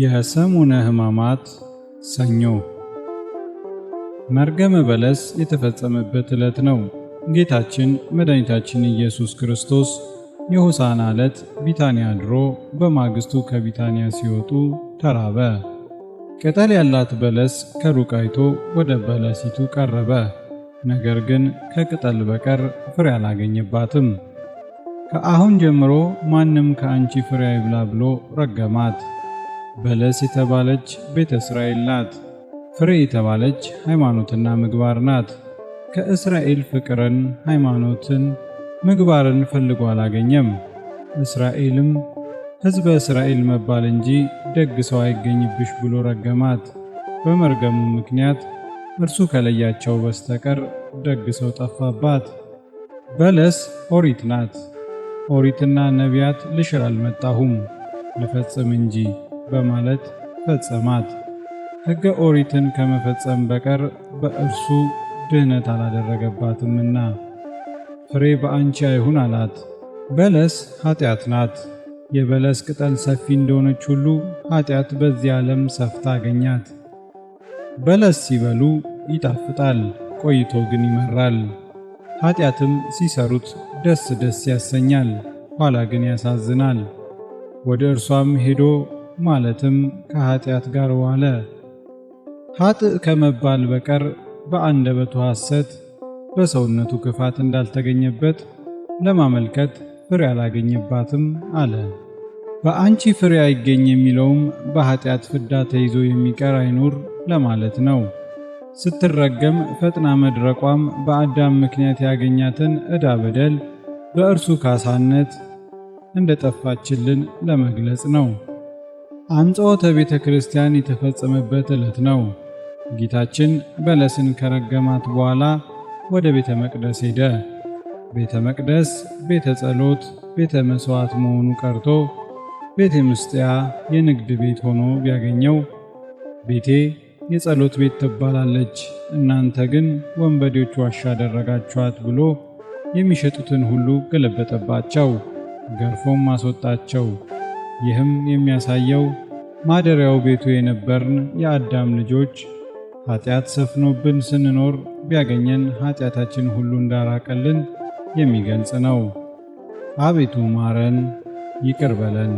የሰሙነ ሕማማት ሰኞ መርገመ በለስ የተፈጸመበት ዕለት ነው። ጌታችን መድኃኒታችን ኢየሱስ ክርስቶስ የሆሳና ዕለት ቢታንያ አድሮ በማግስቱ ከቢታንያ ሲወጡ ተራበ። ቅጠል ያላት በለስ ከሩቅ አይቶ ወደ በለሲቱ ቀረበ። ነገር ግን ከቅጠል በቀር ፍሬ አላገኘባትም። ከአሁን ጀምሮ ማንም ከአንቺ ፍሬ አይብላ ብሎ ረገማት። በለስ የተባለች ቤተ እስራኤል ናት። ፍሬ የተባለች ሃይማኖትና ምግባር ናት። ከእስራኤል ፍቅርን፣ ሃይማኖትን፣ ምግባርን ፈልጎ አላገኘም። እስራኤልም ሕዝበ እስራኤል መባል እንጂ ደግ ሰው አይገኝብሽ ብሎ ረገማት። በመርገሙ ምክንያት እርሱ ከለያቸው በስተቀር ደግ ሰው ጠፋባት። በለስ ኦሪት ናት። ኦሪትና ነቢያት ልሽር አልመጣሁም ልፈጽም እንጂ በማለት ፈጸማት። ሕገ ኦሪትን ከመፈጸም በቀር በእርሱ ድህነት አላደረገባትምና ፍሬ በአንቺ አይሁን አላት። በለስ ኃጢአት ናት። የበለስ ቅጠል ሰፊ እንደሆነች ሁሉ ኃጢአት በዚህ ዓለም ሰፍታ አገኛት። በለስ ሲበሉ ይጣፍጣል፣ ቆይቶ ግን ይመራል። ኃጢአትም ሲሰሩት ደስ ደስ ያሰኛል፣ ኋላ ግን ያሳዝናል። ወደ እርሷም ሄዶ ማለትም ከኃጢአት ጋር ዋለ። ኃጥእ ከመባል በቀር በአንደበቱ ሐሰት በሰውነቱ ክፋት እንዳልተገኘበት ለማመልከት ፍሬ አላገኘባትም አለ። በአንቺ ፍሬ አይገኝ የሚለውም በኃጢአት ፍዳ ተይዞ የሚቀር አይኑር ለማለት ነው። ስትረገም ፈጥና መድረቋም በአዳም ምክንያት ያገኛትን ዕዳ በደል በእርሱ ካሳነት እንደጠፋችልን ለመግለጽ ነው። አንጽሖተ ቤተ ክርስቲያን የተፈጸመበት ዕለት ነው። ጌታችን በለስን ከረገማት በኋላ ወደ ቤተ መቅደስ ሄደ። ቤተ መቅደስ ቤተ ጸሎት፣ ቤተ መሥዋዕት መሆኑ ቀርቶ ቤተ ምስጢያ የንግድ ቤት ሆኖ ቢያገኘው ቤቴ የጸሎት ቤት ትባላለች፣ እናንተ ግን ወንበዴዎች ዋሻ አደረጋችኋት ብሎ የሚሸጡትን ሁሉ ገለበጠባቸው፣ ገርፎም አስወጣቸው። ይህም የሚያሳየው ማደሪያው ቤቱ የነበርን የአዳም ልጆች ኃጢአት ሰፍኖብን ስንኖር ቢያገኘን ኃጢአታችን ሁሉ እንዳራቀልን የሚገልጽ ነው። አቤቱ ማረን፣ ይቅር በለን።